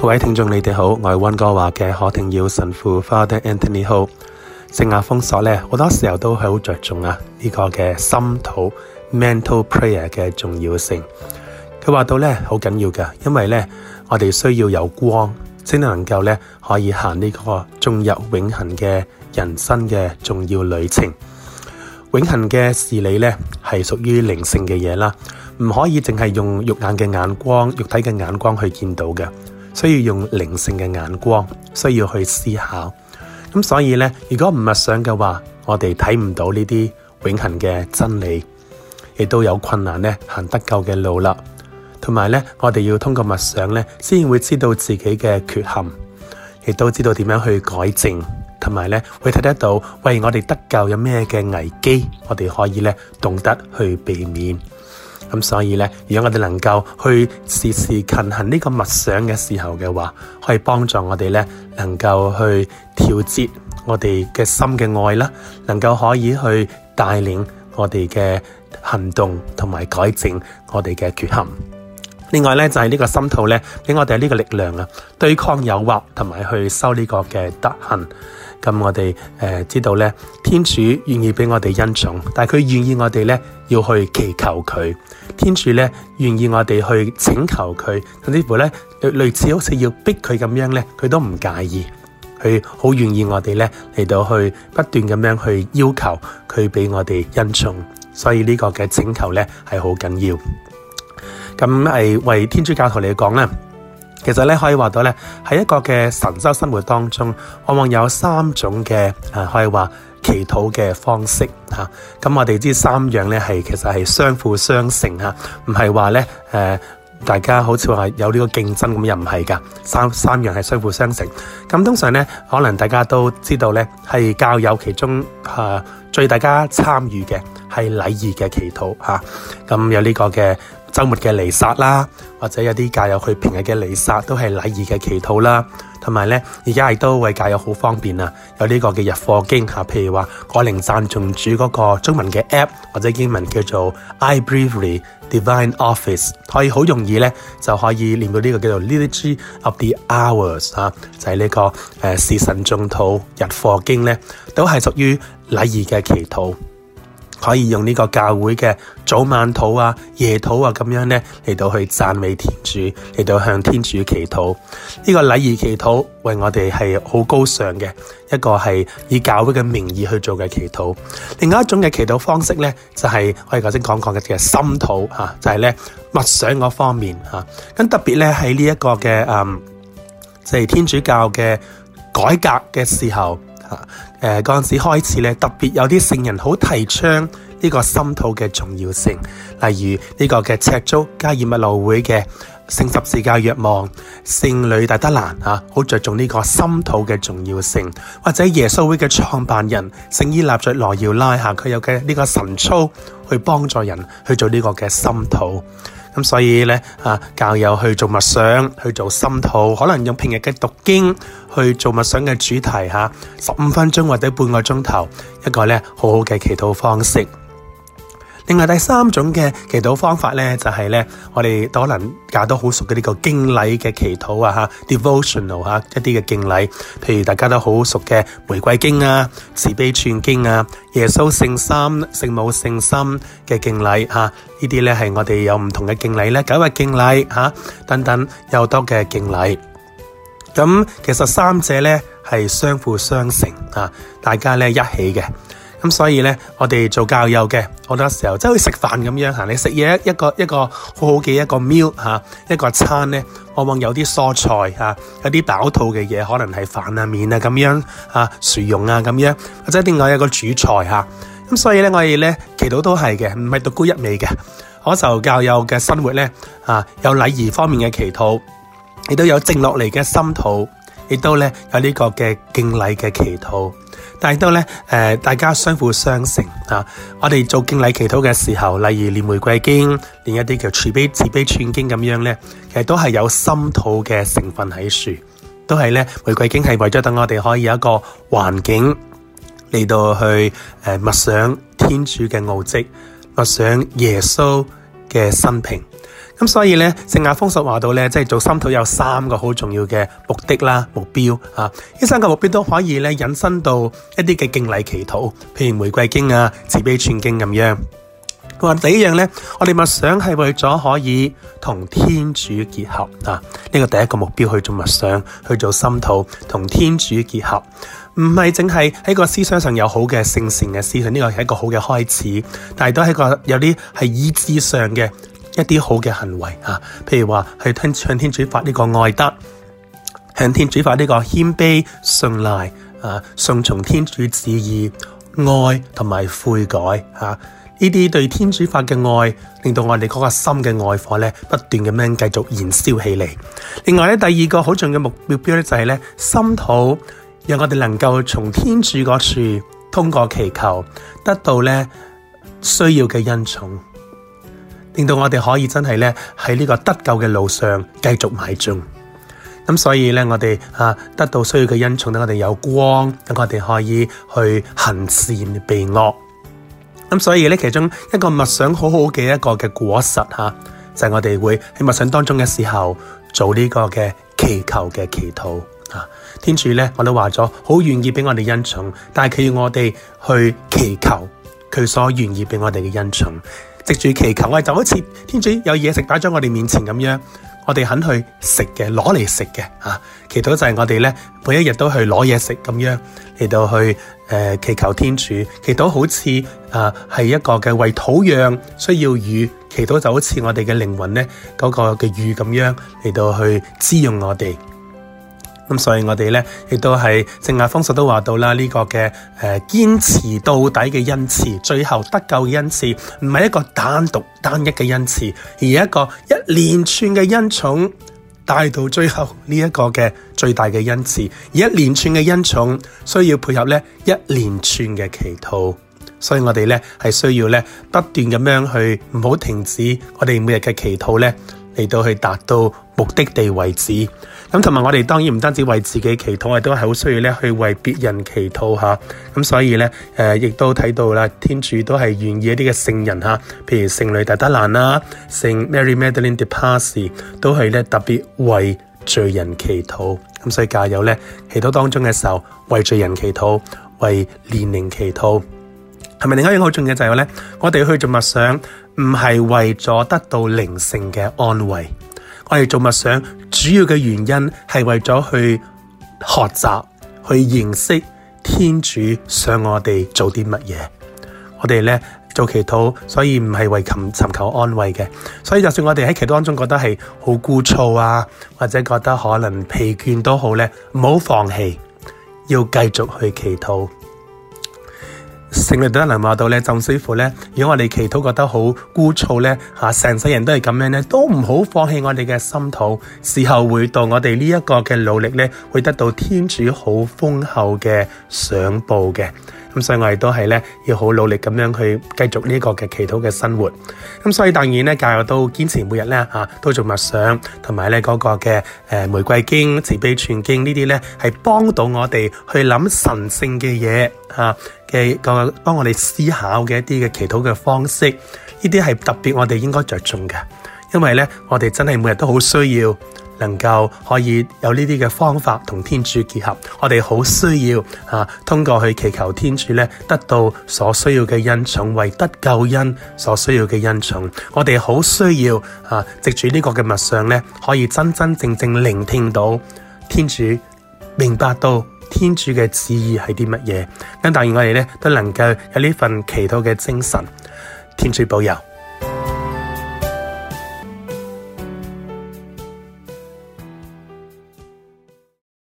各位聽眾，你哋好，我係溫哥華嘅何庭耀神父 Father Anthony Ho。好，聖亞豐索咧，好多時候都係好着重啊呢、這個嘅心禱 mental prayer 嘅重要性。佢話到咧好緊要㗎，因為咧我哋需要有光，先能夠咧可以行呢個進入永恆嘅人生嘅重要旅程。永恆嘅事理咧係屬於靈性嘅嘢啦，唔可以淨係用肉眼嘅眼光、肉體嘅眼光去見到㗎。需要用靈性嘅眼光，需要去思考。咁所以呢，如果唔默想嘅話，我哋睇唔到呢啲永恒嘅真理，亦都有困難呢，行得夠嘅路啦。同埋呢，我哋要通過默想呢，先會知道自己嘅缺陷，亦都知道點樣去改正。同埋呢，會睇得到，喂，我哋得救有咩嘅危機，我哋可以呢，懂得去避免。咁所以咧，如果我哋能夠去時時勤行呢個默想嘅時候嘅話，可以幫助我哋咧，能夠去調節我哋嘅心嘅愛啦，能夠可以去帶領我哋嘅行動，同埋改正我哋嘅缺陷。另外咧，就係、是、呢個心套咧，俾我哋呢個力量啊，對抗誘惑，同埋去修呢個嘅德行。咁我哋、呃、知道咧，天主願意俾我哋恩寵，但係佢願意我哋咧要去祈求佢，天主咧願意我哋去請求佢，甚至乎咧類似好似要逼佢咁樣咧，佢都唔介意，佢好願意我哋咧嚟到去不斷咁樣去要求佢俾我哋恩寵，所以呢個嘅請求咧係好緊要。咁係為天主教徒嚟講咧。其實咧可以話到咧，喺一個嘅神州生活當中，往往有三種嘅啊、呃、可以話祈禱嘅方式咁、啊、我哋知三樣咧係其實係相輔相成，唔係話咧大家好似話有呢個競爭咁又唔係㗎。三三樣係相輔相成。咁通常咧可能大家都知道咧係教友其中嚇最、啊、大家參與嘅係禮儀嘅祈禱咁、啊、有呢個嘅，週末嘅彌撒啦，或者有啲加入去平日嘅彌撒，都係禮儀嘅祈禱啦。同埋咧，而家亦都為加入好方便啊，有呢個嘅日課經嚇，譬如話改靈讚眾主嗰個中文嘅 app，或者英文叫做 iBreviary Divine Office，可以好容易咧就可以唸到呢個叫做 Liturgy of the Hours 嚇，就係呢個誒時辰頌禱日課經咧，都係屬於禮儀嘅祈禱。可以用呢個教會嘅早晚禱啊、夜禱啊咁樣咧嚟到去讚美天主，嚟到向天主祈禱。呢、這個禮儀祈禱為我哋係好高尚嘅一個係以教會嘅名義去做嘅祈禱。另外一種嘅祈禱方式咧，就係我哋頭先講過嘅嘅心禱嚇，就係咧默想嗰方面嚇。咁、啊、特別咧喺呢一個嘅誒、嗯、就係、是、天主教嘅改革嘅時候嚇。啊誒嗰陣時開始咧，特別有啲聖人好提倡呢個心土嘅重要性，例如呢個嘅赤足加爾默羅會嘅聖十字架約望、聖女大德蘭啊，好着重呢個心土嘅重要性，或者耶穌會嘅創辦人聖依納爵羅耀拉嚇，佢有嘅呢個神操去幫助人去做呢個嘅心土。咁所以咧，啊教友去做默想，去做心禱，可能用平日嘅讀經去做默想嘅主題，吓十五分鐘或者半個鐘頭，一個咧好好嘅祈禱方式。另外第三種嘅祈禱方法咧，就係、是、咧，我哋可能大家都好熟嘅呢個敬禮嘅祈禱啊，devotional 啊，一啲嘅敬禮，譬如大家都好熟嘅玫瑰經啊、慈悲串經啊、耶穌聖心、聖母聖心嘅敬禮啊，這些呢啲咧係我哋有唔同嘅敬禮咧，九日敬禮啊，等等有多嘅敬禮。咁其實三者咧係相輔相成啊，大家咧一起嘅。咁所以咧，我哋做教友嘅好多時候，即係好似食飯咁樣你食嘢一個一個好好嘅一個，個 meal 一個餐咧，往往有啲蔬菜、啊、有啲飽肚嘅嘢，可能係飯啊、麵啊、麵啊咁樣嚇，薯蓉啊咁樣，或者另外一個主菜嚇。咁、啊、所以咧，我哋咧祈禱都係嘅，唔係獨沽一味嘅。我受教友嘅生活咧、啊、有禮儀方面嘅祈禱，亦都有靜落嚟嘅心禱，亦都咧有呢個嘅敬禮嘅祈禱。但係都、呃、大家相輔相成、啊、我哋做敬禮祈禱嘅時候，例如念玫瑰經，念一啲叫慈悲慈悲串經咁樣呢，其實都係有心禱嘅成分喺度，都係呢，玫瑰經係為咗等我哋可以有一個環境嚟到去誒默、呃、想天主嘅奧蹟，默想耶穌嘅生平。咁所以咧，聖亞風索話到咧，即係做心禱有三個好重要嘅目的啦、目標啊。呢三個目標都可以咧引申到一啲嘅敬禮祈禱，譬如玫瑰經啊、慈悲串經咁樣。佢話第一樣咧，我哋默想係為咗可以同天主結合啊。呢、這個第一個目標去做默想，去做心禱，同天主結合，唔係淨係喺個思想上有好嘅聖善嘅思想，呢、這個係一個好嘅開始，但係都係個有啲係意志上嘅。一啲好嘅行為啊，譬如話去聽向天主發呢個愛德，向天主發呢個謙卑信賴啊，順從天主旨意、愛同埋悔改啊，呢啲對天主發嘅愛，令到我哋嗰個心嘅愛火咧不斷咁樣繼續燃燒起嚟。另外咧，第二個好重要目標標，就係咧，心土，讓我哋能夠從天主嗰處通過祈求得到咧需要嘅恩寵。令到我哋可以真係咧喺呢個得救嘅路上繼續邁進。咁所以咧，我哋啊得到需要嘅恩寵，等我哋有光，等我哋可以去行善避惡。咁所以咧，其中一個默想好好嘅一個嘅果實吓，就係我哋會喺默想當中嘅時候做呢個嘅祈求嘅祈禱。啊，天主咧，我都話咗好願意俾我哋恩寵，但係佢要我哋去祈求佢所願意俾我哋嘅恩寵。食住祈求，就好似天主有嘢食擺咗我哋面前咁樣，我哋肯去食嘅，攞嚟食嘅啊。祈禱就係我哋咧，每一日都去攞嘢食咁樣嚟到去誒、呃、祈求天主，祈禱好似啊係一個嘅為土壤需要雨，祈禱就好似我哋嘅靈魂咧嗰、那個嘅雨咁樣嚟到去滋潤我哋。咁所以我哋咧，亦都係正亞方叔都話到啦，呢、這個嘅誒、呃、堅持到底嘅恩賜，最後得救嘅恩賜，唔係一個單獨單一嘅恩賜，而一個一連串嘅恩寵帶到最後呢一個嘅最大嘅恩賜，而一連串嘅恩寵需要配合咧一連串嘅祈禱，所以我哋咧係需要咧不斷咁樣去唔好停止我哋每日嘅祈禱咧。嚟到去達到目的地為止，咁同埋我哋當然唔單止為自己祈禱，都係好需要咧去為別人祈禱吓。咁所以咧，誒、呃，亦都睇到啦，天主都係願意一啲嘅聖人吓，譬如聖女大德蘭啦，聖 Mary Madeleine de Paris 都係咧特別為罪人祈禱。咁所以教友咧祈禱當中嘅時候，為罪人祈禱，為年齡祈禱。係咪另一樣好重要嘅就係話咧？我哋去做默想，唔係為咗得到靈性嘅安慰，我哋做默想主要嘅原因係為咗去學習、去認識天主想我哋做啲乜嘢。我哋咧做祈禱，所以唔係為求尋求安慰嘅。所以就算我哋喺祈禱當中覺得係好枯燥啊，或者覺得可能疲倦都好咧，唔好放棄，要繼續去祈禱。聖都得能話到咧，就師傅咧，如果我哋祈禱覺得好枯燥咧，吓、啊、成世人都係咁樣咧，都唔好放棄我哋嘅心土，事後會到我哋呢一個嘅努力咧，會得到天主好豐厚嘅賞報嘅。咁所以我哋都係咧，要好努力咁樣去繼續呢一個嘅祈禱嘅生活。咁所以當然咧，教友都堅持每日咧吓，都做默想，同埋咧嗰個嘅誒玫瑰經、慈悲全經呢啲咧係幫到我哋去諗神聖嘅嘢吓嘅個，幫我哋思考嘅一啲嘅祈禱嘅方式。呢啲係特別我哋應該着重嘅，因為咧我哋真係每日都好需要。能夠可以有呢啲嘅方法同天主結合，我哋好需要啊，通過去祈求天主咧，得到所需要嘅恩寵，為得救恩所需要嘅恩寵。我哋好需要啊，藉住呢個嘅物相咧，可以真真正正聆聽到天主，明白到天主嘅旨意係啲乜嘢。咁但願我哋咧都能夠有呢份祈禱嘅精神，天主保佑。